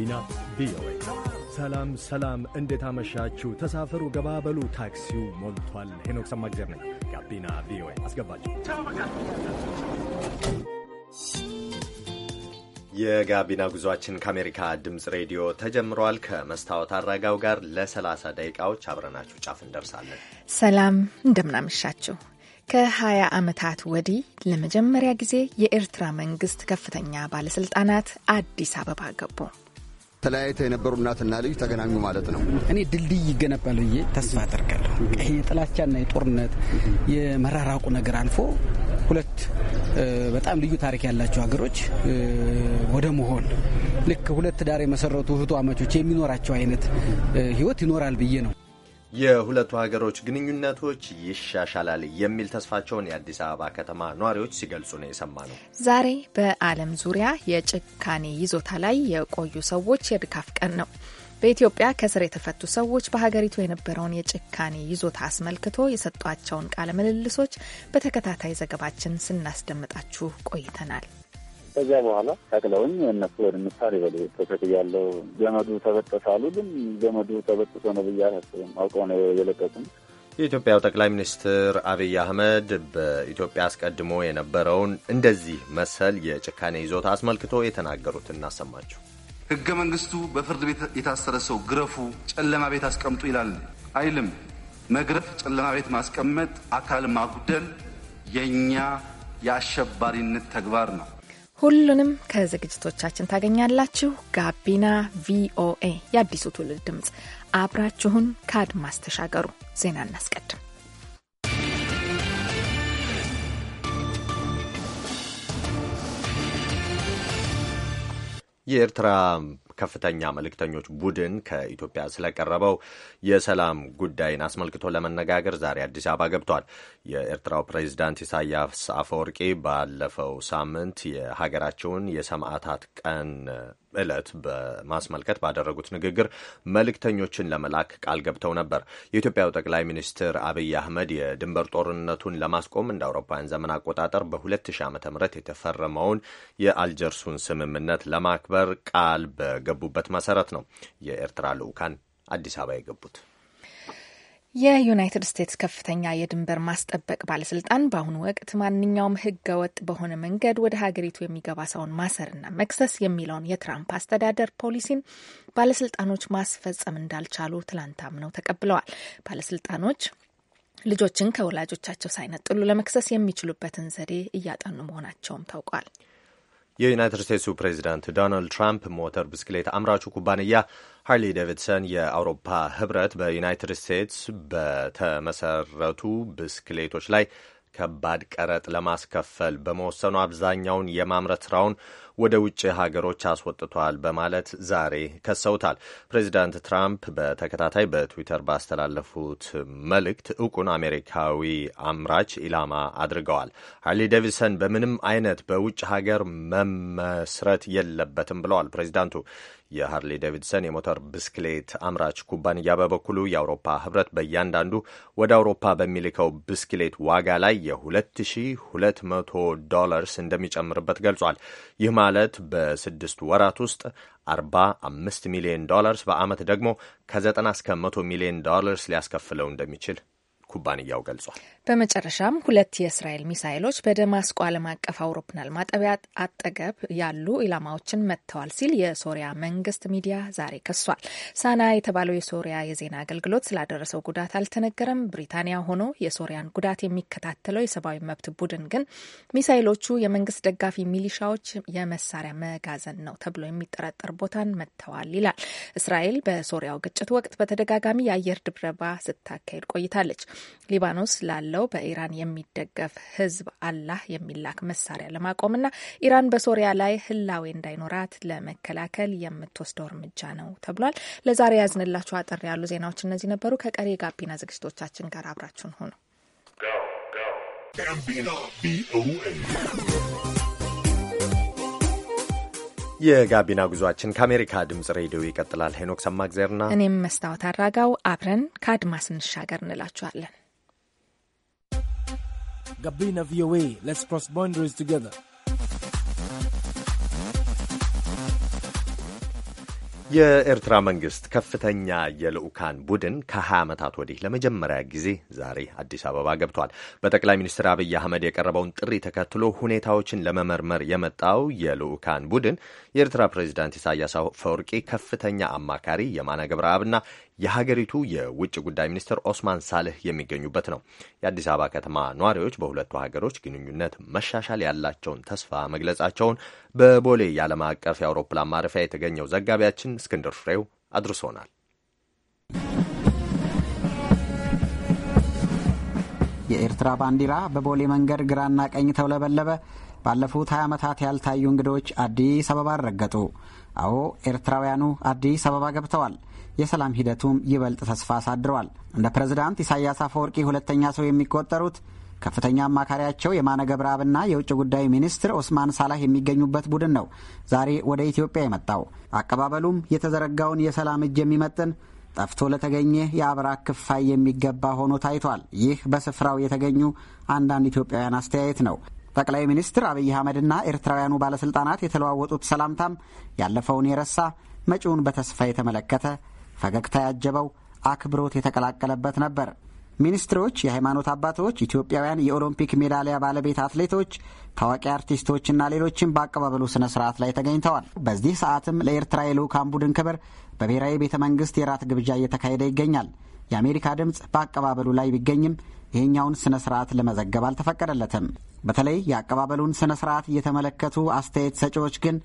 ጋቢና ቪኦኤ። ሰላም ሰላም፣ እንዴት አመሻችሁ? ተሳፈሩ፣ ገባበሉ፣ ታክሲው ሞልቷል። ሄኖክ ሰማግዜር ነኝ። ጋቢና ቪኦኤ አስገባችሁ። የጋቢና ጉዟችን ከአሜሪካ ድምፅ ሬዲዮ ተጀምሯል። ከመስታወት አረጋው ጋር ለ30 ደቂቃዎች አብረናችሁ ጫፍ እንደርሳለን። ሰላም እንደምናመሻችሁ። ከ20 ዓመታት ወዲህ ለመጀመሪያ ጊዜ የኤርትራ መንግስት ከፍተኛ ባለስልጣናት አዲስ አበባ ገቡ። ተለያይተው የነበሩ እናትና ልጅ ተገናኙ ማለት ነው። እኔ ድልድይ ይገነባል ብዬ ተስፋ አደርጋለሁ። ይሄ የጥላቻና የጦርነት የመራራቁ ነገር አልፎ ሁለት በጣም ልዩ ታሪክ ያላቸው ሀገሮች ወደ መሆን ልክ ሁለት ዳር የመሰረቱ እህቱ አማቾች የሚኖራቸው አይነት ህይወት ይኖራል ብዬ ነው። የሁለቱ ሀገሮች ግንኙነቶች ይሻሻላል የሚል ተስፋቸውን የአዲስ አበባ ከተማ ነዋሪዎች ሲገልጹ ነው የሰማ ነው። ዛሬ በዓለም ዙሪያ የጭካኔ ይዞታ ላይ የቆዩ ሰዎች የድጋፍ ቀን ነው። በኢትዮጵያ ከስር የተፈቱ ሰዎች በሀገሪቱ የነበረውን የጭካኔ ይዞታ አስመልክቶ የሰጧቸውን ቃለ ምልልሶች በተከታታይ ዘገባችን ስናስደምጣችሁ ቆይተናል። ከዚያ በኋላ ተክለውኝ እነሱ ወደ ምሳር በል ተሰት ያለው ገመዱ ተበጠሰ አሉ። ግን ገመዱ ተበጥሶ ነው ብዬ አላስብም። አውቀው ነው የለቀቁም። የኢትዮጵያው ጠቅላይ ሚኒስትር አብይ አህመድ በኢትዮጵያ አስቀድሞ የነበረውን እንደዚህ መሰል የጭካኔ ይዞታ አስመልክቶ የተናገሩት እናሰማችሁ። ህገ መንግስቱ በፍርድ ቤት የታሰረ ሰው ግረፉ፣ ጨለማ ቤት አስቀምጡ ይላል አይልም። መግረፍ፣ ጨለማ ቤት ማስቀመጥ፣ አካል ማጉደል የእኛ የአሸባሪነት ተግባር ነው። ሁሉንም ከዝግጅቶቻችን ታገኛላችሁ። ጋቢና ቪኦኤ የአዲሱ ትውልድ ድምፅ፣ አብራችሁን ከአድማስ ተሻገሩ። ዜና እናስቀድም። የኤርትራ ከፍተኛ መልእክተኞች ቡድን ከኢትዮጵያ ስለቀረበው የሰላም ጉዳይን አስመልክቶ ለመነጋገር ዛሬ አዲስ አበባ ገብቷል። የኤርትራው ፕሬዚዳንት ኢሳያስ አፈወርቂ ባለፈው ሳምንት የሀገራቸውን የሰማዕታት ቀን ዕለት በማስመልከት ባደረጉት ንግግር መልእክተኞችን ለመላክ ቃል ገብተው ነበር። የኢትዮጵያው ጠቅላይ ሚኒስትር አብይ አህመድ የድንበር ጦርነቱን ለማስቆም እንደ አውሮፓውያን ዘመን አቆጣጠር በ2000 ዓ ም የተፈረመውን የአልጀርሱን ስምምነት ለማክበር ቃል በገቡበት መሰረት ነው የኤርትራ ልዑካን አዲስ አበባ የገቡት። የዩናይትድ ስቴትስ ከፍተኛ የድንበር ማስጠበቅ ባለስልጣን በአሁኑ ወቅት ማንኛውም ህገ ወጥ በሆነ መንገድ ወደ ሀገሪቱ የሚገባ ሰውን ማሰርና መክሰስ የሚለውን የትራምፕ አስተዳደር ፖሊሲን ባለስልጣኖች ማስፈጸም እንዳልቻሉ ትላንት አምነው ተቀብለዋል። ባለስልጣኖች ልጆችን ከወላጆቻቸው ሳይነጥሉ ለመክሰስ የሚችሉበትን ዘዴ እያጠኑ መሆናቸውም ታውቋል። የዩናይትድ ስቴትሱ ፕሬዚዳንት ዶናልድ ትራምፕ ሞተር ብስክሌት አምራቹ ኩባንያ ሃርሊ ዴቪድሰን የአውሮፓ ህብረት በዩናይትድ ስቴትስ በተመሰረቱ ብስክሌቶች ላይ ከባድ ቀረጥ ለማስከፈል በመወሰኑ አብዛኛውን የማምረት ስራውን ወደ ውጭ ሀገሮች አስወጥቷል በማለት ዛሬ ከሰውታል። ፕሬዚዳንት ትራምፕ በተከታታይ በትዊተር ባስተላለፉት መልእክት እውቁን አሜሪካዊ አምራች ኢላማ አድርገዋል። ሃርሊ ዴቪድሰን በምንም አይነት በውጭ ሀገር መመስረት የለበትም ብለዋል ፕሬዚዳንቱ። የሃርሊ ዴቪድሰን የሞተር ብስክሌት አምራች ኩባንያ በበኩሉ የአውሮፓ ህብረት በእያንዳንዱ ወደ አውሮፓ በሚልከው ብስክሌት ዋጋ ላይ የ2200 ዶላርስ እንደሚጨምርበት ገልጿል። ይህ ማለት በስድስት ወራት ውስጥ አርባ አምስት ሚሊዮን ዶላርስ በአመት ደግሞ ከዘጠና እስከ መቶ ሚሊዮን ዶላርስ ሊያስከፍለው እንደሚችል ኩባንያው ገልጿል። በመጨረሻም ሁለት የእስራኤል ሚሳይሎች በደማስቆ ዓለም አቀፍ አውሮፕላን ማጠቢያ አጠገብ ያሉ ኢላማዎችን መጥተዋል ሲል የሶሪያ መንግስት ሚዲያ ዛሬ ከሷል። ሳና የተባለው የሶሪያ የዜና አገልግሎት ስላደረሰው ጉዳት አልተነገረም። ብሪታንያ ሆኖ የሶሪያን ጉዳት የሚከታተለው የሰብአዊ መብት ቡድን ግን ሚሳይሎቹ የመንግስት ደጋፊ ሚሊሻዎች የመሳሪያ መጋዘን ነው ተብሎ የሚጠረጠር ቦታን መጥተዋል ይላል። እስራኤል በሶሪያው ግጭት ወቅት በተደጋጋሚ የአየር ድብደባ ስታካሄድ ቆይታለች። ሊባኖስ ላለው በኢራን የሚደገፍ ህዝብ አላህ የሚላክ መሳሪያ ለማቆምና ኢራን በሶሪያ ላይ ህላዌ እንዳይኖራት ለመከላከል የምትወስደው እርምጃ ነው ተብሏል። ለዛሬ ያዝንላችሁ አጠር ያሉ ዜናዎች እነዚህ ነበሩ። ከቀሪ የጋቢና ዝግጅቶቻችን ጋር አብራችሁን ሁኑ። የጋቢና ጉዟችን ከአሜሪካ ድምጽ ሬዲዮ ይቀጥላል። ሄኖክ ሰማግዜርና እኔም መስታወት አራጋው አብረን ከአድማስ እንሻገር እንላችኋለን። ጋቢና ቪኦኤ ሌትስ ክሮስ ቦንደሪስ ቱጌዘር የኤርትራ መንግስት ከፍተኛ የልዑካን ቡድን ከ20 ዓመታት ወዲህ ለመጀመሪያ ጊዜ ዛሬ አዲስ አበባ ገብቷል። በጠቅላይ ሚኒስትር አብይ አህመድ የቀረበውን ጥሪ ተከትሎ ሁኔታዎችን ለመመርመር የመጣው የልዑካን ቡድን የኤርትራ ፕሬዚዳንት ኢሳያስ አፈወርቂ ከፍተኛ አማካሪ የማነ ገብረአብና የሀገሪቱ የውጭ ጉዳይ ሚኒስትር ኦስማን ሳልህ የሚገኙበት ነው። የአዲስ አበባ ከተማ ነዋሪዎች በሁለቱ ሀገሮች ግንኙነት መሻሻል ያላቸውን ተስፋ መግለጻቸውን በቦሌ የዓለም አቀፍ የአውሮፕላን ማረፊያ የተገኘው ዘጋቢያችን እስክንድር ፍሬው አድርሶናል። የኤርትራ ባንዲራ በቦሌ መንገድ ግራና ቀኝ ተውለበለበ። ባለፉት 20 ዓመታት ያልታዩ እንግዶች አዲስ አበባ ረገጡ። አዎ ኤርትራውያኑ አዲስ አበባ ገብተዋል። የሰላም ሂደቱም ይበልጥ ተስፋ አሳድረዋል። እንደ ፕሬዝዳንት ኢሳያስ አፈወርቂ ሁለተኛ ሰው የሚቆጠሩት ከፍተኛ አማካሪያቸው የማነ ገብረአብና የውጭ ጉዳይ ሚኒስትር ኦስማን ሳላህ የሚገኙበት ቡድን ነው ዛሬ ወደ ኢትዮጵያ የመጣው። አቀባበሉም የተዘረጋውን የሰላም እጅ የሚመጥን ጠፍቶ ለተገኘ የአብራክ ክፋይ የሚገባ ሆኖ ታይቷል። ይህ በስፍራው የተገኙ አንዳንድ ኢትዮጵያውያን አስተያየት ነው። ጠቅላይ ሚኒስትር አብይ አህመድና ኤርትራውያኑ ባለስልጣናት የተለዋወጡት ሰላምታም ያለፈውን የረሳ መጪውን በተስፋ የተመለከተ ፈገግታ ያጀበው አክብሮት የተቀላቀለበት ነበር። ሚኒስትሮች፣ የሃይማኖት አባቶች፣ ኢትዮጵያውያን የኦሎምፒክ ሜዳሊያ ባለቤት አትሌቶች፣ ታዋቂ አርቲስቶችና ሌሎችም በአቀባበሉ ስነ ስርዓት ላይ ተገኝተዋል። በዚህ ሰዓትም ለኤርትራ የልዑካን ቡድን ክብር በብሔራዊ ቤተ መንግስት የራት ግብዣ እየተካሄደ ይገኛል። የአሜሪካ ድምፅ በአቀባበሉ ላይ ቢገኝም ይህኛውን ስነ ስርዓት ለመዘገብ አልተፈቀደለትም። በተለይ የአቀባበሉን ስነ ስርዓት እየተመለከቱ አስተያየት ሰጪዎች ግን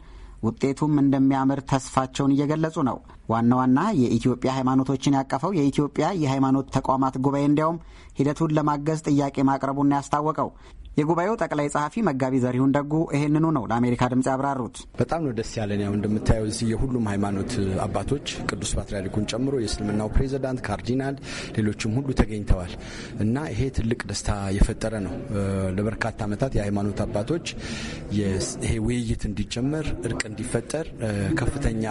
ውጤቱም እንደሚያምር ተስፋቸውን እየገለጹ ነው። ዋና ዋና የኢትዮጵያ ሃይማኖቶችን ያቀፈው የኢትዮጵያ የሃይማኖት ተቋማት ጉባኤ እንዲያውም ሂደቱን ለማገዝ ጥያቄ ማቅረቡን ያስታወቀው የጉባኤው ጠቅላይ ጸሐፊ መጋቢ ዘሪሁን ደጉ ይህንኑ ነው ለአሜሪካ ድምፅ ያብራሩት። በጣም ነው ደስ ያለን። ያው እንደምታየው እዚህ የሁሉም ሃይማኖት አባቶች ቅዱስ ፓትርያርኩን ጨምሮ የእስልምናው ፕሬዚዳንት፣ ካርዲናል፣ ሌሎችም ሁሉ ተገኝተዋል እና ይሄ ትልቅ ደስታ የፈጠረ ነው። ለበርካታ ዓመታት የሃይማኖት አባቶች ይሄ ውይይት እንዲጀመር እርቅ እንዲፈጠር ከፍተኛ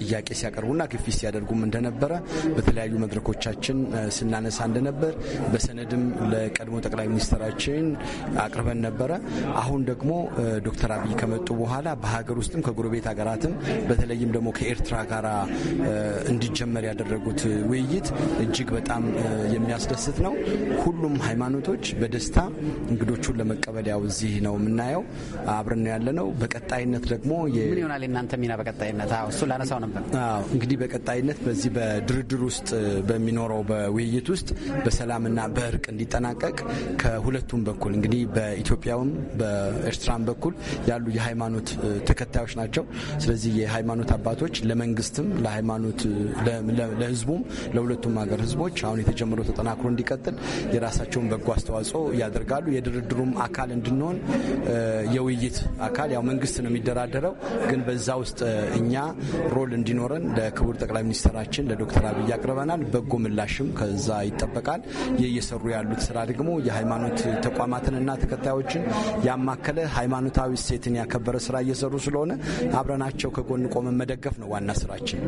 ጥያቄ ሲያቀርቡና ግፊት ሲያደርጉም እንደነበረ በተለያዩ መድረኮቻችን ስናነሳ እንደነበር በሰነድም ለቀድሞ ጠቅላይ ሚኒስትራችን አቅርበን ነበረ። አሁን ደግሞ ዶክተር አብይ ከመጡ በኋላ በሀገር ውስጥም ከጎረቤት ሀገራትም በተለይም ደግሞ ከኤርትራ ጋር እንዲጀመር ያደረጉት ውይይት እጅግ በጣም የሚያስደስት ነው። ሁሉም ሃይማኖቶች በደስታ እንግዶቹን ለመቀበል ያው እዚህ ነው የምናየው፣ አብረን ነው በቀጣይነት ደግሞ ምን ይሆናል የእናንተ ሚና? በቀጣይነት እሱ ላነሳው ነበር። እንግዲህ በቀጣይነት በዚህ በድርድር ውስጥ በሚኖረው በውይይት ውስጥ በሰላምና በእርቅ እንዲጠናቀቅ ከሁለቱም በኩል እንግዲህ እንግዲህ በኢትዮጵያም በኤርትራም በኩል ያሉ የሃይማኖት ተከታዮች ናቸው። ስለዚህ የሃይማኖት አባቶች ለመንግስትም፣ ለሃይማኖት ለህዝቡም፣ ለሁለቱም ሀገር ህዝቦች አሁን የተጀመረው ተጠናክሮ እንዲቀጥል የራሳቸውን በጎ አስተዋጽኦ ያደርጋሉ። የድርድሩም አካል እንድንሆን የውይይት አካል ያው መንግስት ነው የሚደራደረው፣ ግን በዛ ውስጥ እኛ ሮል እንዲኖረን ለክቡር ጠቅላይ ሚኒስትራችን ለዶክተር አብይ አቅርበናል። በጎ ምላሽም ከዛ ይጠበቃል። የእየሰሩ ያሉት ስራ ደግሞ የሃይማኖት ተቋማትን እና ተከታዮችን ያማከለ ሃይማኖታዊ እሴትን ያከበረ ስራ እየሰሩ ስለሆነ አብረናቸው ከጎን ቆመን መደገፍ ነው ዋና ስራችን።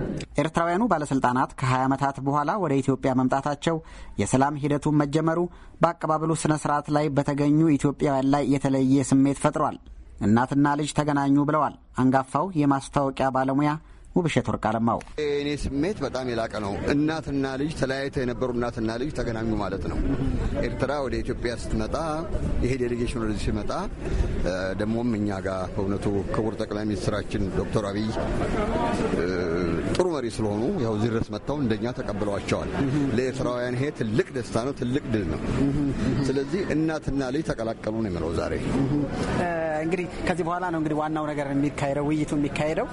ኤርትራውያኑ ባለስልጣናት ከ20 ዓመታት በኋላ ወደ ኢትዮጵያ መምጣታቸው፣ የሰላም ሂደቱን መጀመሩ በአቀባበሉ ስነ ስርዓት ላይ በተገኙ ኢትዮጵያውያን ላይ የተለየ ስሜት ፈጥሯል። እናትና ልጅ ተገናኙ ብለዋል አንጋፋው የማስታወቂያ ባለሙያ ውብሸት ወርቃለማው እኔ ስሜት በጣም የላቀ ነው። እናትና ልጅ ተለያይተው የነበሩ እናትና ልጅ ተገናኙ ማለት ነው። ኤርትራ ወደ ኢትዮጵያ ስትመጣ ይሄ ዴሌጌሽን ወደዚህ ሲመጣ ደግሞም እኛ ጋር በእውነቱ ክቡር ጠቅላይ ሚኒስትራችን ዶክተር አብይ ጥሩ መሪ ስለሆኑ ያው እዚህ ድረስ መጥተው እንደኛ ተቀብለዋቸዋል። ለኤርትራውያን ይሄ ትልቅ ደስታ ነው፣ ትልቅ ድል ነው። ስለዚህ እናትና ልጅ ተቀላቀሉ ነው የሚለው ዛሬ እንግዲህ ከዚህ በኋላ ነው እንግዲህ ዋናው ነገር የሚካሄደው ውይይቱ የሚካሄደው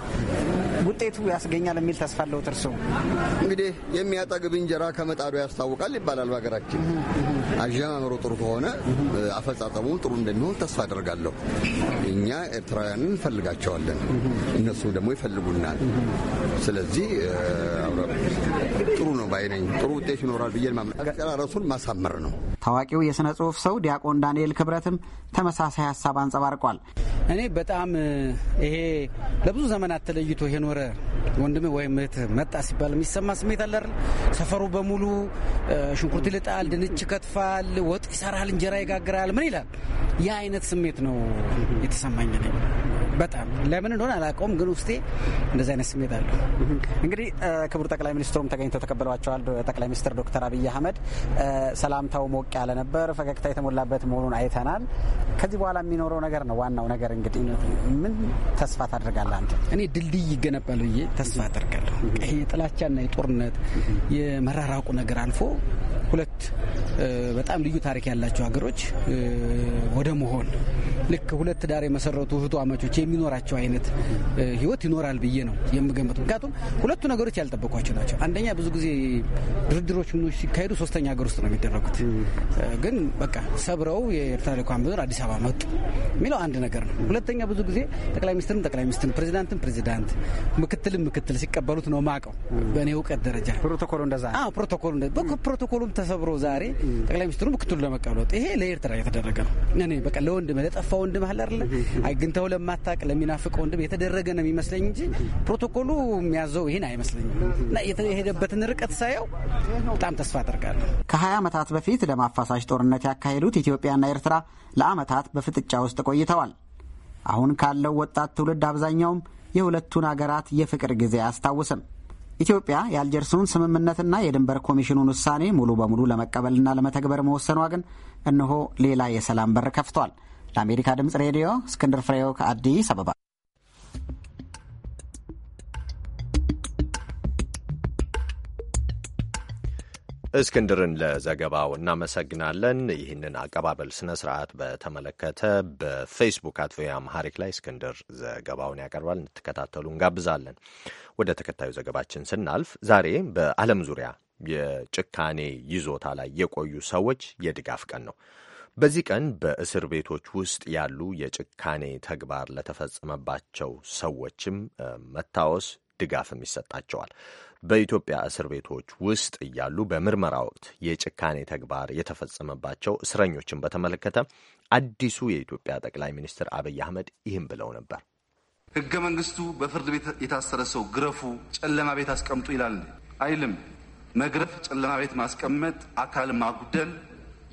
ውጤቱ ያስገኛል የሚል ተስፋ አለዎት እርሱ እንግዲህ የሚያጠግብ እንጀራ ከመጣዱ ያስታውቃል ይባላል በሀገራችን። አጀማመሩ ጥሩ ከሆነ አፈጻጸሙ ጥሩ እንደሚሆን ተስፋ አደርጋለሁ። እኛ ኤርትራውያንን እንፈልጋቸዋለን፣ እነሱ ደግሞ ይፈልጉናል። ስለዚህ ስለዚህ ጥሩ ነው ባይነኝ ጥሩ ውጤት ይኖራል ብዬ አጨራረሱን ማሳመር ነው። ታዋቂው የሥነ ጽሑፍ ሰው ዲያቆን ዳንኤል ክብረትም ተመሳሳይ ሀሳብ አንጸባርቋል። እኔ በጣም ይሄ ለብዙ ዘመናት ተለይቶ የኖረ ወንድም ወይም እህት መጣ ሲባል የሚሰማ ስሜት አለ። ሰፈሩ በሙሉ ሽንኩርት ይልጣል፣ ድንች ከትፋል፣ ወጥ ይሰራል፣ እንጀራ ይጋግራል። ምን ይላል? ያ አይነት ስሜት ነው የተሰማኝ በጣም ለምን እንደሆነ አላውቀውም፣ ግን ውስጤ እንደዚህ አይነት ስሜት አለው። እንግዲህ ክቡር ጠቅላይ ሚኒስትሩም ተገኝተው ተቀብለዋቸዋል። ጠቅላይ ሚኒስትር ዶክተር አብይ አህመድ ሰላምታው ሞቅ ያለ ነበር፣ ፈገግታ የተሞላበት መሆኑን አይተናል። ከዚህ በኋላ የሚኖረው ነገር ነው ዋናው ነገር። እንግዲህ ምን ተስፋ ታደርጋለህ አንተ? እኔ ድልድይ ይገነባል ብዬ ተስፋ አደርጋለሁ። ይሄ የጥላቻና የጦርነት የመራራቁ ነገር አልፎ ሁለት በጣም ልዩ ታሪክ ያላቸው ሀገሮች ወደ መሆን ልክ ሁለት ዳር የመሰረቱ እህቱ አማቾች የሚኖራቸው አይነት ህይወት ይኖራል ብዬ ነው የምገምት። ምክንያቱም ሁለቱ ነገሮች ያልጠበቋቸው ናቸው። አንደኛ ብዙ ጊዜ ድርድሮች ምኖች ሲካሄዱ ሶስተኛ ሀገር ውስጥ ነው የሚደረጉት። ግን በቃ ሰብረው የኤርትራ ልዑካን ቡድን አዲስ አበባ መጡ የሚለው አንድ ነገር ነው። ሁለተኛ ብዙ ጊዜ ጠቅላይ ሚኒስትርም ጠቅላይ ሚኒስትር፣ ፕሬዚዳንትም ፕሬዚዳንት፣ ምክትልም ምክትል ሲቀበሉት ነው ማቀው በእኔ እውቀት ደረጃ ፕሮቶኮሉ እንደዛ ፕሮቶኮሉ ፕሮቶኮሉም ተሰብሮ ዛሬ ጠቅላይ ሚኒስትሩ ምክትሉ ለመቀበሎት ይሄ ለኤርትራ የተደረገ ነው። እኔ በቃ ለወንድም ለጠፋ ወንድም አለ አይደለ አግኝተው ለማታቅ ለሚናፍቅ ወንድም የተደረገ ነው የሚመስለኝ እንጂ ፕሮቶኮሉ የሚያዘው የሚያደርገው ይህን አይመስለኝም እና የተሄደበትን ርቀት ሳየው በጣም ተስፋ አደርጋለሁ። ከ20 ዓመታት በፊት ለማፋሳሽ ጦርነት ያካሄዱት ኢትዮጵያና ኤርትራ ለዓመታት በፍጥጫ ውስጥ ቆይተዋል። አሁን ካለው ወጣት ትውልድ አብዛኛውም የሁለቱን አገራት የፍቅር ጊዜ አያስታውስም። ኢትዮጵያ የአልጀርሱን ስምምነትና የድንበር ኮሚሽኑን ውሳኔ ሙሉ በሙሉ ለመቀበልና ለመተግበር መወሰኗ ግን እነሆ ሌላ የሰላም በር ከፍቷል። ለአሜሪካ ድምፅ ሬዲዮ እስክንድር ፍሬው ከአዲስ አበባ እስክንድርን ለዘገባው እናመሰግናለን። ይህንን አቀባበል ስነ ስርዓት በተመለከተ በፌስቡክ አት ቪኦኤ ላይ እስክንድር ዘገባውን ያቀርባል። እንድትከታተሉ እንጋብዛለን። ወደ ተከታዩ ዘገባችን ስናልፍ ዛሬ በዓለም ዙሪያ የጭካኔ ይዞታ ላይ የቆዩ ሰዎች የድጋፍ ቀን ነው። በዚህ ቀን በእስር ቤቶች ውስጥ ያሉ የጭካኔ ተግባር ለተፈጸመባቸው ሰዎችም መታወስ ድጋፍም ይሰጣቸዋል። በኢትዮጵያ እስር ቤቶች ውስጥ እያሉ በምርመራ ወቅት የጭካኔ ተግባር የተፈጸመባቸው እስረኞችን በተመለከተ አዲሱ የኢትዮጵያ ጠቅላይ ሚኒስትር አብይ አህመድ ይህም ብለው ነበር። ህገ መንግስቱ በፍርድ ቤት የታሰረ ሰው ግረፉ፣ ጨለማ ቤት አስቀምጡ ይላል አይልም። መግረፍ፣ ጨለማ ቤት ማስቀመጥ፣ አካል ማጉደል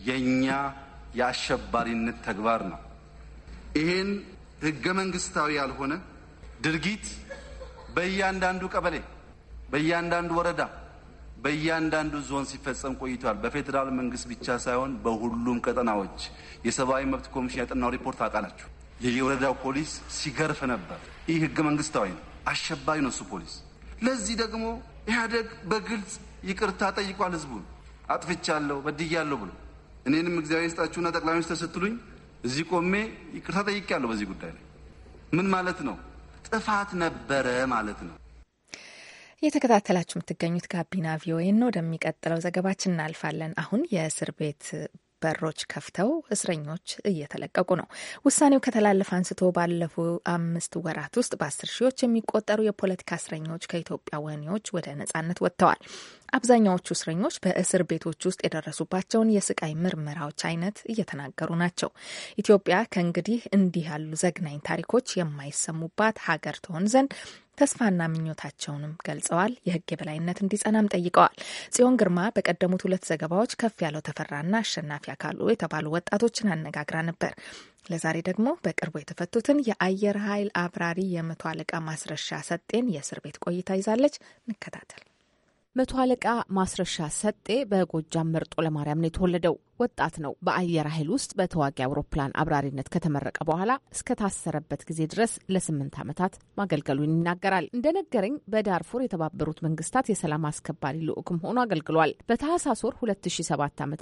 የእኛ የአሸባሪነት ተግባር ነው። ይህን ህገ መንግስታዊ ያልሆነ ድርጊት በእያንዳንዱ ቀበሌ በእያንዳንዱ ወረዳ በእያንዳንዱ ዞን ሲፈጸም ቆይቷል። በፌዴራል መንግስት ብቻ ሳይሆን በሁሉም ቀጠናዎች የሰብአዊ መብት ኮሚሽን ያጠናው ሪፖርት አውቃላችሁ። የየወረዳው ፖሊስ ሲገርፍ ነበር። ይህ ህገ መንግስታዊ ነው። አሸባሪ ነው እሱ ፖሊስ። ለዚህ ደግሞ ኢህአደግ በግልጽ ይቅርታ ጠይቋል። ህዝቡን አጥፍቻለሁ፣ በድያለሁ ብሎ እኔንም እግዚአብሔር ይስጣችሁና ጠቅላይ ሚኒስትር ስትሉኝ እዚህ ቆሜ ይቅርታ ጠይቄያለሁ። በዚህ ጉዳይ ላይ ምን ማለት ነው? ጥፋት ነበረ ማለት ነው። እየተከታተላችሁ የምትገኙት ጋቢና ቪኦኤ ነው። ወደሚቀጥለው ዘገባችን እናልፋለን። አሁን የእስር ቤት በሮች ከፍተው እስረኞች እየተለቀቁ ነው። ውሳኔው ከተላለፈ አንስቶ ባለፉ አምስት ወራት ውስጥ በአስር ሺዎች የሚቆጠሩ የፖለቲካ እስረኞች ከኢትዮጵያ ወህኒዎች ወደ ነጻነት ወጥተዋል። አብዛኛዎቹ እስረኞች በእስር ቤቶች ውስጥ የደረሱባቸውን የስቃይ ምርመራዎች አይነት እየተናገሩ ናቸው። ኢትዮጵያ ከእንግዲህ እንዲህ ያሉ ዘግናኝ ታሪኮች የማይሰሙባት ሀገር ትሆን ዘንድ ተስፋና ምኞታቸውንም ገልጸዋል። የህግ የበላይነት እንዲጸናም ጠይቀዋል። ጽዮን ግርማ በቀደሙት ሁለት ዘገባዎች ከፍ ያለው ተፈራና አሸናፊ አካሉ የተባሉ ወጣቶችን አነጋግራ ነበር። ለዛሬ ደግሞ በቅርቡ የተፈቱትን የአየር ኃይል አብራሪ የመቶ አለቃ ማስረሻ ሰጤን የእስር ቤት ቆይታ ይዛለች። እንከታተል። መቶ አለቃ ማስረሻ ሰጤ በጎጃም መርጦ ለማርያም ነው የተወለደው። ወጣት ነው። በአየር ኃይል ውስጥ በተዋጊ አውሮፕላን አብራሪነት ከተመረቀ በኋላ እስከታሰረበት ጊዜ ድረስ ለስምንት ዓመታት ማገልገሉን ይናገራል። እንደነገረኝ በዳርፉር የተባበሩት መንግስታት የሰላም አስከባሪ ልዑክም ሆኖ አገልግሏል። በታህሳስ ወር 2007 ዓ ም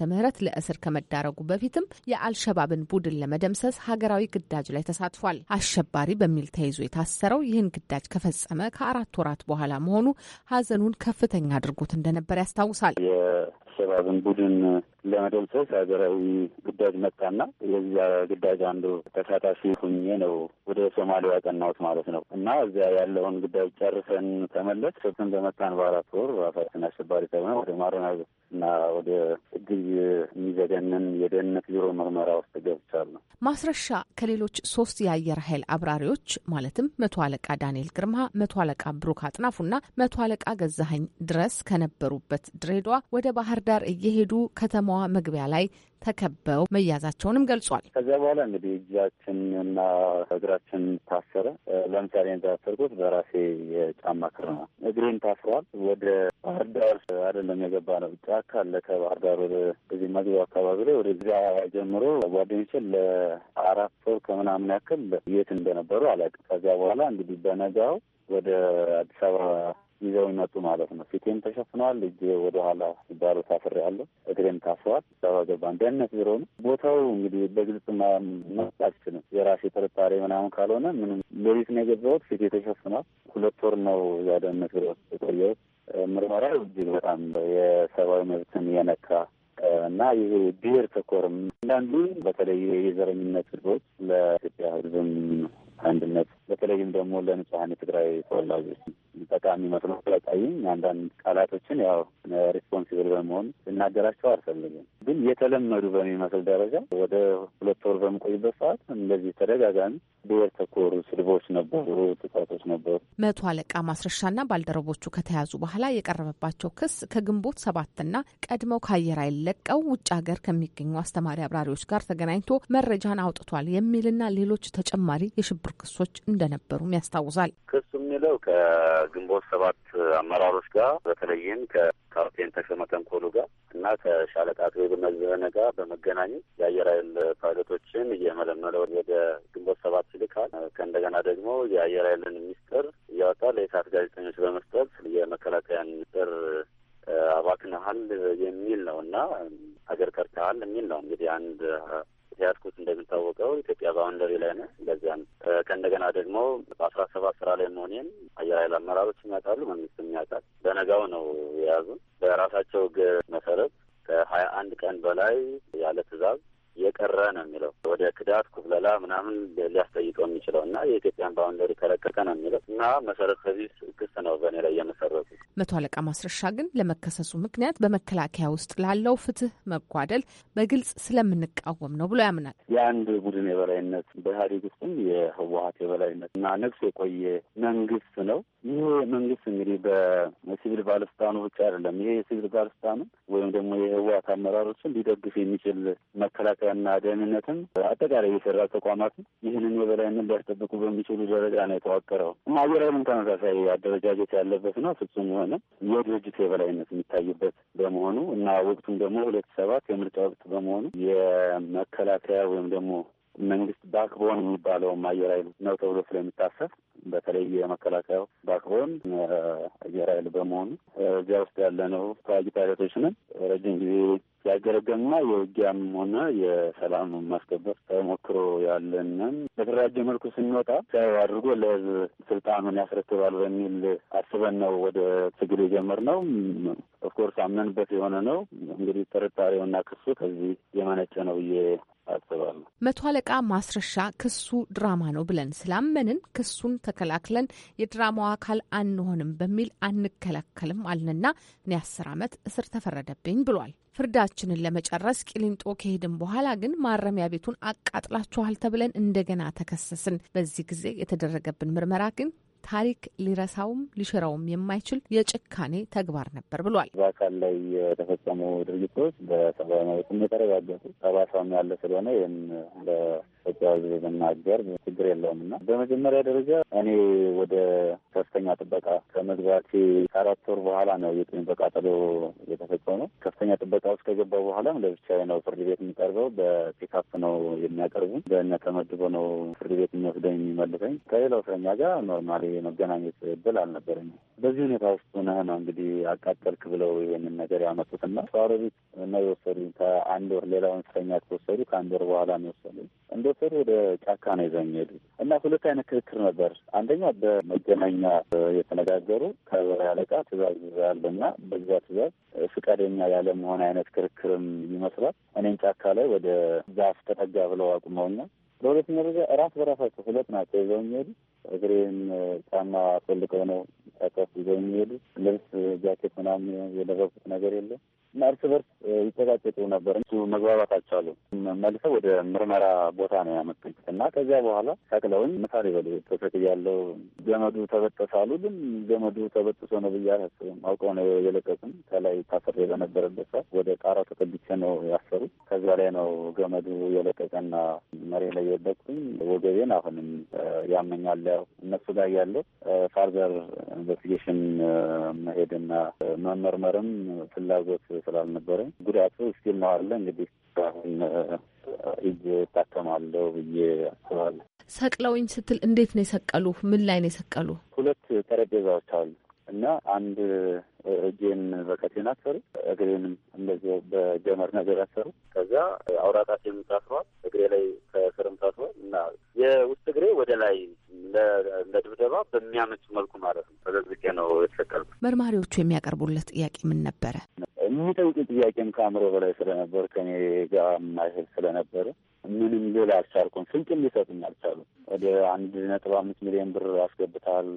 ለእስር ከመዳረጉ በፊትም የአልሸባብን ቡድን ለመደምሰስ ሀገራዊ ግዳጅ ላይ ተሳትፏል። አሸባሪ በሚል ተይዞ የታሰረው ይህን ግዳጅ ከፈጸመ ከአራት ወራት በኋላ መሆኑ ሀዘኑን ከፍተኛ አድርጎት እንደነበር ያስታውሳል። የአሸባብን ቡድን ለመደምሰስ ሀገራዊ ግዳጅ መጣና የዚያ ግዳጅ አንዱ ተሳታፊ ሁኜ ነው ወደ ሶማሊያ ያቀናሁት ማለት ነው። እና እዚያ ያለውን ግዳጅ ጨርሰን ተመለስ ሰብትን በመጣን በአራት ወር ራሳችን አሸባሪ ተብነ ወደ ማረና እና ወደ እግ የሚዘገንን የደህንነት ቢሮ ምርመራ ውስጥ ገብቻለሁ። ማስረሻ ከሌሎች ሶስት የአየር ኃይል አብራሪዎች ማለትም መቶ አለቃ ዳንኤል ግርማ፣ መቶ አለቃ ብሩክ አጥናፉና መቶ አለቃ ገዛሀኝ ድረስ ከነበሩበት ድሬዳዋ ወደ ባህር ዳር እየሄዱ ከተማ ከተማዋ መግቢያ ላይ ተከበው መያዛቸውንም ገልጿል። ከዚያ በኋላ እንግዲህ እጃችን እና እግራችን ታሰረ። ለምሳሌ የታሰርኩት በራሴ የጫማ ክር ነው። እግሬን ታስሯል። ወደ ባህር ዳር አይደለም የገባ ነው፣ ጫካ አለ። ከባህር ዳር ወደ እዚህ መግቢያው አካባቢ ላይ ወደዚያ ጀምሮ ጓደኞችን ለአራት ሰው ከምናምን ያክል የት እንደነበሩ አላውቅም። ከዚያ በኋላ እንግዲህ በነጋው ወደ አዲስ አበባ ይዘው ይመጡ ማለት ነው። ፊቴም ተሸፍኗል። እጄ ወደኋላ ሲባሉ ታፍሬያለሁ። እግሬም ታፍሯል። ሰባ ገባ ደህንነት ቢሮ ነው ቦታው። እንግዲህ በግልጽ መጣች ነው የራሴ ጥርጣሬ ምናምን ካልሆነ ምንም ሌሊት ነው የገባሁት። ፊቴ ተሸፍኗል። ሁለት ወር ነው እዛ ደህንነት ቢሮ የቆየሁት። ምርመራ እጅግ በጣም የሰብአዊ መብትን የነካ እና ይሄ ብሔር ተኮርም አንዳንዱ በተለይ የዘረኝነት ህዝቦች ለኢትዮጵያ ህዝብም አንድነት በተለይም ደግሞ ለንጹሀን የትግራይ ተወላጆች ጠቃሚ መስሎ ስለታየኝ አንዳንድ ቃላቶችን ያው ሬስፖንሲብል በመሆን ልናገራቸው አልፈልግም። ግን የተለመዱ በሚመስል ደረጃ ወደ ሁለት ወር በምቆይበት ሰዓት እንደዚህ ተደጋጋሚ ብሔር ተኮር ስድቦች ነበሩ፣ ጥቃቶች ነበሩ። መቶ አለቃ ማስረሻና ባልደረቦቹ ከተያዙ በኋላ የቀረበባቸው ክስ ከግንቦት ሰባትና ቀድመው ከአየር ኃይል ለቀው ውጭ ሀገር ከሚገኙ አስተማሪ አብራሪዎች ጋር ተገናኝቶ መረጃን አውጥቷል የሚልና ሌሎች ተጨማሪ የሽብ የተሰማሩ ክሶች እንደነበሩም ያስታውሳል። ክሱ የሚለው ከግንቦት ሰባት አመራሮች ጋር በተለይም ከካፕቴን ተሾመ ተንኮሉ ጋር እና ከሻለቃ ቶ መዝበነ ጋር በመገናኘት የአየር ኃይል ፓይለቶችን እየመለመለ ወደ ግንቦት ሰባት ይልካል። ከእንደገና ደግሞ የአየር ኃይልን ሚስጥር እያወጣ ለኢሳት ጋዜጠኞች በመስጠት የመከላከያን ሚስጥር አባክነሃል የሚል ነው እና ሀገር ከርተሃል የሚል ነው እንግዲህ አንድ ያልኩት እንደሚታወቀው ኢትዮጵያ ባውንደሪ ላይ ነው። ለዚያም ከእንደገና ደግሞ በአስራ ሰባት ስራ ላይ መሆኔን አየር ኃይል አመራሮች ያውቃሉ፣ መንግስትም ያውቃል። በነጋው ነው የያዙ በራሳቸው መሰረት ከሀያ አንድ ቀን በላይ ያለ ትእዛዝ የቀረ ነው የሚለው ወደ ክዳት ኩብለላ ምናምን ሊያስጠይቀው የሚችለው እና የኢትዮጵያን ባውንደሪ ከለቀቀ ነው የሚለው እና መሰረተ ቢስ ክስ ነው በእኔ ላይ የመሰረቱ። መቶ አለቃ ማስረሻ ግን ለመከሰሱ ምክንያት በመከላከያ ውስጥ ላለው ፍትህ መጓደል በግልጽ ስለምንቃወም ነው ብሎ ያምናል። የአንድ ቡድን የበላይነት በኢህአዴግ ውስጥም የህወሀት የበላይነት እና ነግስ የቆየ መንግስት ነው። ይህ መንግስት እንግዲህ በሲቪል ባለስልጣኑ ብቻ አይደለም። ይሄ የሲቪል ባለስልጣኑ ወይም ደግሞ የህወሀት አመራሮችን ሊደግፍ የሚችል መከላከያ መከላከያና ደህንነትም አጠቃላይ የፌዴራል ተቋማት ይህንን የበላይነት ሊያስጠብቁ በሚችሉ ደረጃ ነው የተዋቀረው። አየር ተመሳሳይ አደረጃጀት ያለበት ነው። ፍጹም የሆነ የድርጅት የበላይነት የሚታይበት በመሆኑ እና ወቅቱም ደግሞ ሁለት ሰባት የምርጫ ወቅት በመሆኑ የመከላከያ ወይም ደግሞ መንግስት ባክቦን የሚባለው አየር ኃይል ነው ተብሎ ስለሚታሰብ በተለይ የመከላከያው ባክቦን አየር ኃይል በመሆኑ እዚያ ውስጥ ያለነው ተዋጊ ፓይለቶችንም ረጅም ጊዜ ያገረገምና የውጊያም ሆነ የሰላም ማስከበር ተሞክሮ ያለንን በተደራጀ መልኩ ስንወጣ ሲያዩ አድርጎ ለህዝብ ስልጣኑን ያስረክባል በሚል አስበን ነው ወደ ትግል የጀመርነው። ኦፍኮርስ አምነንበት የሆነ ነው። እንግዲህ ጥርጣሬውና ክሱ ከዚህ የመነጨ ነው ብዬ አስባለሁ። መቶ አለቃ ማስረሻ ክሱ ድራማ ነው ብለን ስላመንን ክሱን ተከላክለን የድራማው አካል አንሆንም በሚል አንከላከልም አልንና እኔ አስር ዓመት እስር ተፈረደብኝ ብሏል። ፍርዳችንን ለመጨረስ ቂሊንጦ ከሄድን በኋላ ግን ማረሚያ ቤቱን አቃጥላችኋል ተብለን እንደገና ተከሰስን። በዚህ ጊዜ የተደረገብን ምርመራ ግን ታሪክ ሊረሳውም ሊሽረውም የማይችል የጭካኔ ተግባር ነበር ብሏል። በአካል ላይ የተፈጸሙ ድርጊቶች በሰብአዊ መብትም የተረጋገጡ ጠባሳም ያለ ስለሆነ ይህም ለኢትዮጵያ ሕዝብ ብናገር ችግር የለውም እና በመጀመሪያ ደረጃ እኔ ወደ ከፍተኛ ጥበቃ ከመግባቴ ከአራት ወር በኋላ ነው የጥሜን በቃጠሎ ነው። ከፍተኛ ጥበቃ ውስጥ ከገባው በኋላም ለብቻዬ ነው ፍርድ ቤት የሚቀርበው። በፒካፕ ነው የሚያቀርቡ። በእኛ ተመድቦ ነው ፍርድ ቤት የሚወስደኝ የሚመልሰኝ። ከሌላው እስረኛ ጋር ኖርማሊ መገናኘት እድል አልነበረኝ። በዚህ ሁኔታ ውስጥ ነህ ነው እንግዲህ አቃጠልክ ብለው ይህንን ነገር ያመጡትና ሰዋረቤት ነው የወሰዱኝ ከአንድ ወር ሌላውን እስረኛ የተወሰዱ ከአንድ ወር በኋላ ነው የወሰዱኝ እንደወሰዱ ወደ ጫካ ነው ይዘኝ ሄዱ እና ሁለት አይነት ክርክር ነበር። አንደኛ በመገናኛ የተነጋገሩ ከበላይ አለቃ ትእዛዝ ያለና በዛ ትእዛዝ ፍቃደኛ ያለ መሆን አይነት ክርክርም ይመስላል። እኔን ጫካ ላይ ወደ ዛፍ ተጠጋ ብለው አቁመውኛል። በሁለት ደረጃ ራስ በራሳቸው ሁለት ናቸው ይዘው ሄዱ እግሬን ጫማ ፈልቀው ነው ሲሳተፍ ይዘ የሚሄዱ ልብስ፣ ጃኬት ምናምን የደረጉት ነገር የለም እና እርስ በርስ ይጨቃጨቁ ነበር። እሱ መግባባት አልቻሉ። መልሰው ወደ ምርመራ ቦታ ነው ያመጡኝ እና ከዚያ በኋላ ሰቅለውኝ ምሳሌ በሉ ተሰቅ እያለው ገመዱ ተበጠሳሉ። ግን ገመዱ ተበጥሶ ነው ብዬ አላስብም። አውቀው ነው የለቀቁኝ። ከላይ ታስሬ በነበረበት ሰዓት ወደ ጣራው ተቀብቼ ነው ያሰሩት። ከዚያ ላይ ነው ገመዱ የለቀቀና መሬ ላይ የወደቅኩኝ። ወገቤን አሁንም ያመኛል። ያው እነሱ ጋር ያለው ፋርዘር ኢንቨስቲጌሽን መሄድና መመርመርም ፍላጎት ስላልነበረኝ ጉዳቱ እስቲል ነው አለ እንግዲህ አሁን እጅ እታከማለሁ ብዬ አስባለሁ። ሰቅለውኝ ስትል እንዴት ነው የሰቀሉ? ምን ላይ ነው የሰቀሉ? ሁለት ጠረጴዛዎች አሉ እና አንድ እጄን በከቴን አሰሩ፣ እግሬንም እንደዚሁ በጀመር ነገር አሰሩ። ከዛ አውራጣቴም ታስሯል፣ እግሬ ላይ ከስርም ታስሯል እና የውስጥ እግሬ ወደ ላይ ለድብደባ በሚያመች መልኩ ማለት ነው ተዘግዝቄ ነው የተሰቀልኩት። መርማሪዎቹ የሚያቀርቡለት ጥያቄ ምን ነበረ? የሚጠይቅ ጥያቄም ከአእምሮ በላይ ስለነበር ከኔ ጋር የማይሄድ ስለነበረ ምንም ልል አልቻልኩም። ስንቅ ሊሰጡኝ አልቻሉም። ወደ አንድ ነጥብ አምስት ሚሊዮን ብር አስገብታል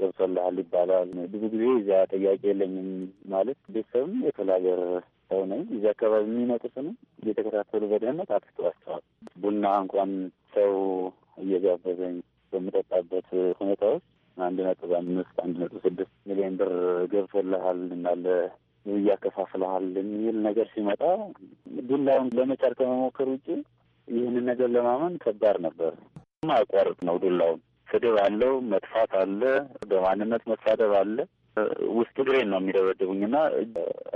ገብቶልሃል ይባላል። ብዙ ጊዜ እዚያ ጥያቄ የለኝም ማለት ቤተሰብም የክፍለ ሀገር ሰው ነኝ። እዚህ አካባቢ የሚመጡትንም እየተከታተሉ በደህንነት አትተዋቸዋል። ቡና እንኳን ሰው እየጋበዘኝ በምጠጣበት ሁኔታዎች አንድ ነጥብ አምስት አንድ ነጥብ ስድስት ሚሊዮን ብር ገብቶልሃል እናለ እያከፋፍለሃል የሚል ነገር ሲመጣ ዱላውን ለመጫር ከመሞከር ውጭ ይህንን ነገር ለማመን ከባድ ነበር። ማያቋርጥ ነው ዱላውን ስድብ አለው፣ መጥፋት አለ፣ በማንነት መሳደብ አለ። ውስጥ እግሬን ነው የሚደበድቡኝ እና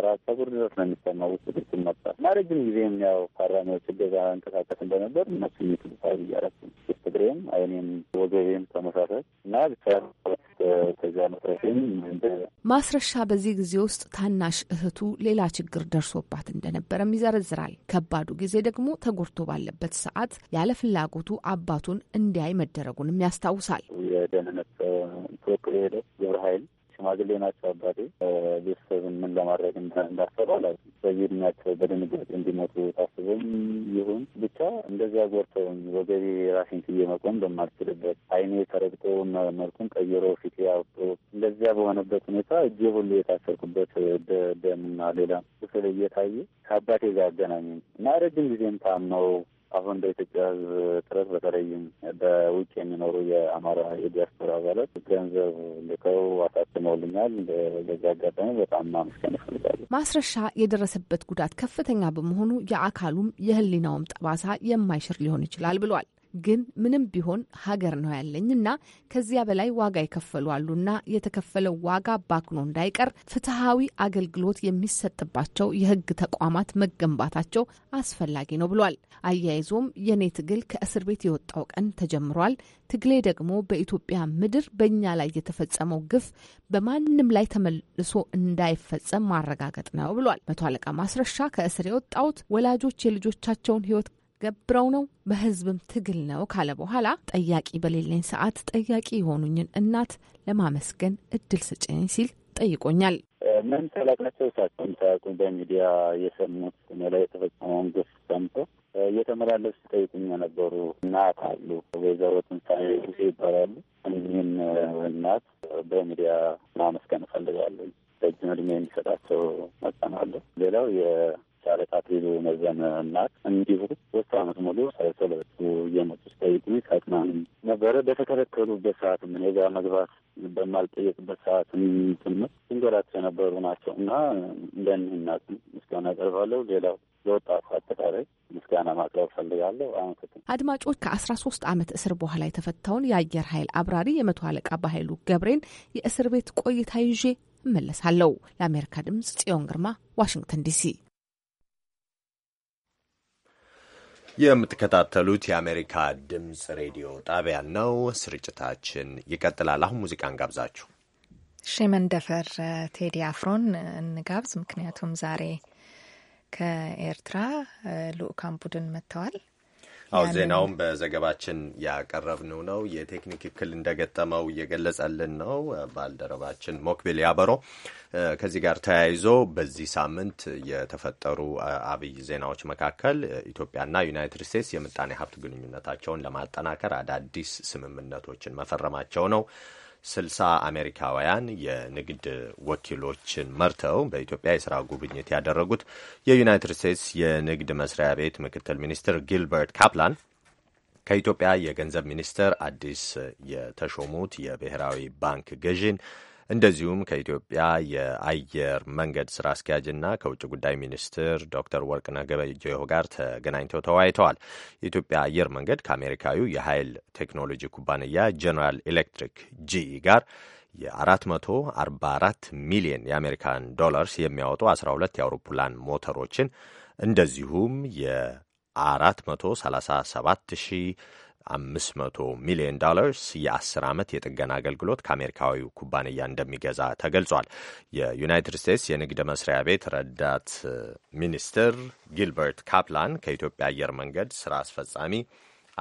ራስ ጸጉር ድረስ ነው የሚሰማው። ውስጥ እግር ሲመጣ እና ረጅም ጊዜም ያው ታራሚዎች እገዛ እንቀሳቀስ እንደነበር እነሱ የሚትሳ እያረሱ ውስጥ እግሬም፣ አይኔም፣ ወገቤም ተመሳሳይ እና ብቻ ከዚያ መትረፌም ማስረሻ በዚህ ጊዜ ውስጥ ታናሽ እህቱ ሌላ ችግር ደርሶባት እንደነበረም ይዘረዝራል። ከባዱ ጊዜ ደግሞ ተጎድቶ ባለበት ሰዓት ያለ ፍላጎቱ አባቱን እንዲያይ መደረጉንም ያስታውሳል። የደህንነት ተወክሎ ሄደ ግብረ ኃይል ሽማግሌ ናቸው አባቴ። ቤተሰብን ምን ለማድረግ እንዳሰቡ አላውቅም። በዚህ ድሚያቸው በድንጋጤ እንዲሞቱ ታስብም ይሁን ብቻ እንደዚያ ጎርተውኝ ወገቤ ራሴን ትዬ መቆም በማልችልበት ዓይኔ ተረግጦ መልኩን ቀይሮ ፊቴ አብጦ እንደዚያ በሆነበት ሁኔታ እጄ ሁሉ የታሰርኩበት ደምና ሌላ ክፍል እየታየ ከአባቴ ጋር አገናኙኝ እና ረጅም ጊዜም ታመው አሁን በኢትዮጵያ ኢትዮጵያ ሕዝብ ጥረት በተለይም በውጭ የሚኖሩ የአማራ የዲያስፖራ አባላት ገንዘብ ልከው አሳትመውልኛል። በዚህ አጋጣሚ በጣም ማመስገን እፈልጋለሁ። ማስረሻ የደረሰበት ጉዳት ከፍተኛ በመሆኑ የአካሉም የሕሊናውም ጠባሳ የማይሽር ሊሆን ይችላል ብሏል። ግን ምንም ቢሆን ሀገር ነው ያለኝና ከዚያ በላይ ዋጋ የከፈሉ አሉና የተከፈለው ዋጋ ባክኖ እንዳይቀር ፍትሐዊ አገልግሎት የሚሰጥባቸው የህግ ተቋማት መገንባታቸው አስፈላጊ ነው ብሏል። አያይዞም የኔ ትግል ከእስር ቤት የወጣው ቀን ተጀምሯል። ትግሌ ደግሞ በኢትዮጵያ ምድር በእኛ ላይ የተፈጸመው ግፍ በማንም ላይ ተመልሶ እንዳይፈጸም ማረጋገጥ ነው ብሏል። መቶ አለቃ ማስረሻ ከእስር የወጣሁት ወላጆች የልጆቻቸውን ህይወት ገብረው ነው በህዝብም ትግል ነው ካለ በኋላ ጠያቂ በሌለኝ ሰዓት ጠያቂ የሆኑኝን እናት ለማመስገን እድል ስጭኝ ሲል ጠይቆኛል። ምን ሳላውቃቸው እሳቸውም ታያቁ በሚዲያ የሰሙት እኔ ላይ የተፈጸመውን ግፍ ሰምቶ እየተመላለሱ ሲጠይቁኝ የነበሩ እናት አሉ። ወይዘሮ ትንሳኤ ጊዜ ይባላሉ። እኒህን እናት በሚዲያ ማመስገን እፈልጋለሁ። ረጅም እድሜ እንዲሰጣቸው መጠናለሁ። ሌላው ጨረታ ትሉ መዘን እናት እንዲሁ ሶስት አመት ሙሉ ሰለቱ እየመጡ ስጠይቁ ሰጥናን ነበረ። በተከለከሉበት ሰዓት ምን የጋ መግባት በማልጠየቅበት ሰዓት ትምህርት ሲንገላቸው የነበሩ ናቸው እና እንደኒህ እናት ምስጋና ያቀርባለሁ። ሌላው ለወጣቱ አጠቃላይ ምስጋና ማቅረብ ፈልጋለሁ። አመሰግናለሁ። አድማጮች ከአስራ ሶስት አመት እስር በኋላ የተፈታውን የአየር ኃይል አብራሪ የመቶ አለቃ በኃይሉ ገብሬን የእስር ቤት ቆይታ ይዤ እመለሳለሁ። ለአሜሪካ ድምጽ ጽዮን ግርማ ዋሽንግተን ዲሲ የምትከታተሉት የአሜሪካ ድምፅ ሬዲዮ ጣቢያ ነው። ስርጭታችን ይቀጥላል። አሁን ሙዚቃን ጋብዛችሁ ሽመንደፈር ቴዲ አፍሮን እንጋብዝ። ምክንያቱም ዛሬ ከኤርትራ ልኡካን ቡድን መጥተዋል። አዎ ዜናውም በዘገባችን ያቀረብነው ነው። የቴክኒክ እክል እንደገጠመው እየገለጸልን ነው ባልደረባችን ሞክቢል ያበሮ። ከዚህ ጋር ተያይዞ በዚህ ሳምንት የተፈጠሩ አብይ ዜናዎች መካከል ኢትዮጵያና ዩናይትድ ስቴትስ የምጣኔ ሀብት ግንኙነታቸውን ለማጠናከር አዳዲስ ስምምነቶችን መፈረማቸው ነው። ስልሳ አሜሪካውያን የንግድ ወኪሎችን መርተው በኢትዮጵያ የስራ ጉብኝት ያደረጉት የዩናይትድ ስቴትስ የንግድ መስሪያ ቤት ምክትል ሚኒስትር ጊልበርት ካፕላን ከኢትዮጵያ የገንዘብ ሚኒስትር አዲስ የተሾሙት የብሔራዊ ባንክ ገዢን እንደዚሁም ከኢትዮጵያ የአየር መንገድ ስራ አስኪያጅና ከውጭ ጉዳይ ሚኒስትር ዶክተር ወርቅነህ ገበየሁ ጋር ተገናኝተው ተወያይተዋል። የኢትዮጵያ አየር መንገድ ከአሜሪካዊ የኃይል ቴክኖሎጂ ኩባንያ ጄኔራል ኤሌክትሪክ ጂኢ ጋር የ444 ሚሊዮን የአሜሪካን ዶላርስ የሚያወጡ 12 የአውሮፕላን ሞተሮችን እንደዚሁም የ437 ሺህ 500 ሚሊዮን ዶላርስ የአስር ዓመት የጥገና አገልግሎት ከአሜሪካዊው ኩባንያ እንደሚገዛ ተገልጿል። የዩናይትድ ስቴትስ የንግድ መስሪያ ቤት ረዳት ሚኒስትር ጊልበርት ካፕላን ከኢትዮጵያ አየር መንገድ ስራ አስፈጻሚ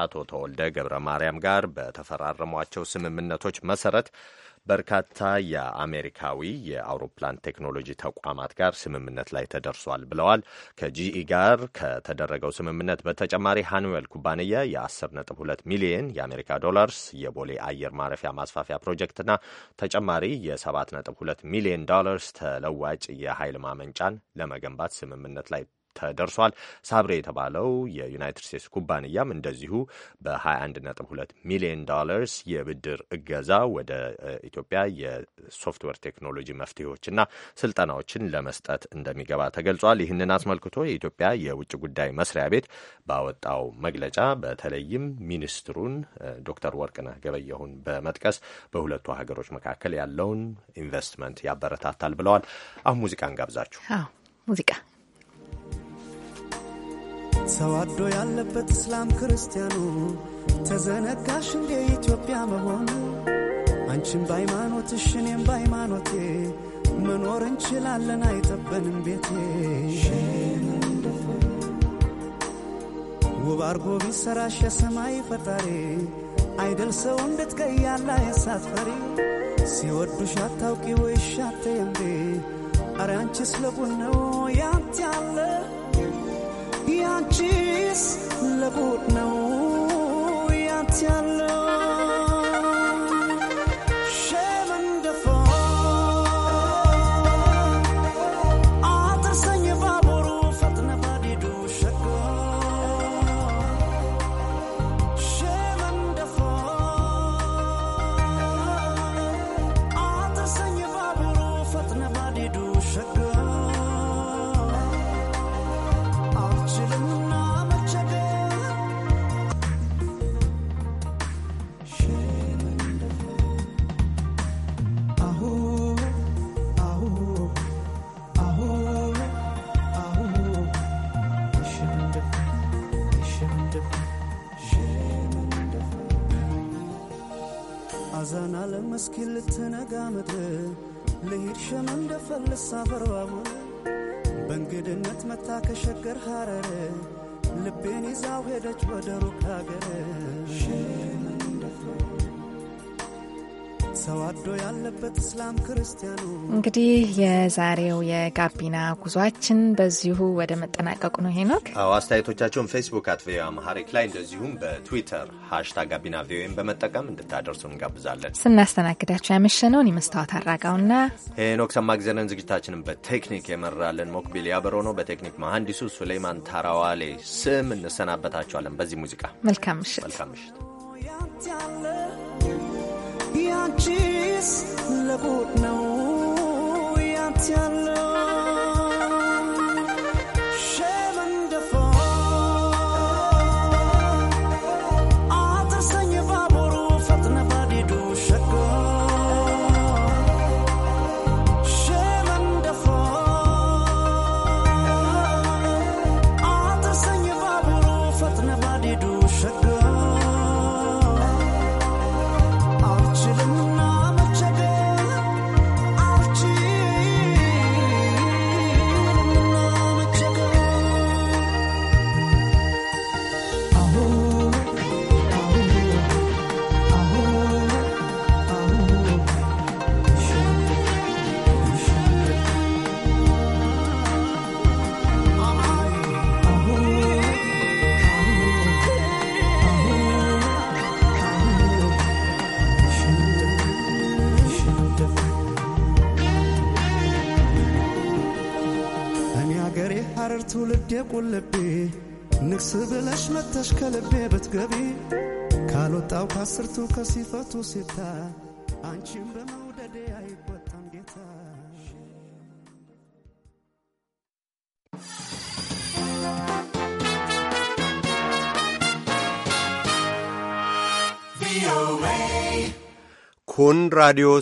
አቶ ተወልደ ገብረ ማርያም ጋር በተፈራረሟቸው ስምምነቶች መሰረት በርካታ የአሜሪካዊ የአውሮፕላን ቴክኖሎጂ ተቋማት ጋር ስምምነት ላይ ተደርሷል ብለዋል። ከጂኢ ጋር ከተደረገው ስምምነት በተጨማሪ ሃንዌል ኩባንያ የ10.2 ሚሊየን የአሜሪካ ዶላርስ የቦሌ አየር ማረፊያ ማስፋፊያ ፕሮጀክትና ተጨማሪ የ7.2 ሚሊየን ዶላርስ ተለዋጭ የኃይል ማመንጫን ለመገንባት ስምምነት ላይ ተደርሷል። ሳብሬ የተባለው የዩናይትድ ስቴትስ ኩባንያም እንደዚሁ በ21.2 ሚሊዮን ዶላርስ የብድር እገዛ ወደ ኢትዮጵያ የሶፍትዌር ቴክኖሎጂ መፍትሄዎችና ስልጠናዎችን ለመስጠት እንደሚገባ ተገልጿል። ይህንን አስመልክቶ የኢትዮጵያ የውጭ ጉዳይ መስሪያ ቤት ባወጣው መግለጫ በተለይም ሚኒስትሩን ዶክተር ወርቅነህ ገበየሁን በመጥቀስ በሁለቱ ሀገሮች መካከል ያለውን ኢንቨስትመንት ያበረታታል ብለዋል። አሁን ሙዚቃ እንጋብዛችሁ ሙዚቃ ሰው አዶ ያለበት እስላም ክርስቲያኑ ተዘነጋሽ እንደ ኢትዮጵያ መሆኑ አንቺም በሃይማኖትሽ እኔም በሃይማኖቴ መኖር እንችላለን አይጠበንም ቤቴ ውብ አርጎ ቢሰራሽ የሰማይ ፈጣሪ አይደል ሰው እንድትቀያላ የሳት ፈሪ ሲወዱሽ አታውቂ ወይሻተ እንዴ አረ አንቺስ ልቡን ነው ያንት ያለ la but now ya tell ምድር ልሂድ ሸመም ደፈር ልሳፈር በእንግድነት መታ ከሸገር ሐረር ልቤን ይዛው ሄደች ወደ ሩቅ አገር እንግዲህ የዛሬው የጋቢና ጉዟችን በዚሁ ወደ መጠናቀቁ ነው። ሄኖክ አዎ፣ አስተያየቶቻችሁን ፌስቡክ አት ቪኦኤ አማሃሪክ ላይ እንደዚሁም በትዊተር ሀሽታግ ጋቢና ቪኦኤን በመጠቀም እንድታደርሱ እንጋብዛለን። ስናስተናግዳቸው ያመሸነውን የመስታወት አራጋውና ሄኖክ ሰማግዘነን ዝግጅታችንን በቴክኒክ የመራልን ሞክቢል ያበሮ ነው። በቴክኒክ መሐንዲሱ ሱሌይማን ታራዋሌ ስም እንሰናበታቸዋለን። በዚህ ሙዚቃ መልካም ምሽት። መልካም ምሽት። Lepas nau ia jalan ብለሽ ከልቤ ብትገቢ ካልወጣው ከአስርቱ ከሲፈቱ ሲታ አንቺም በመውደዴ አይቆጣም ጌታ። kun ራዲዮ ።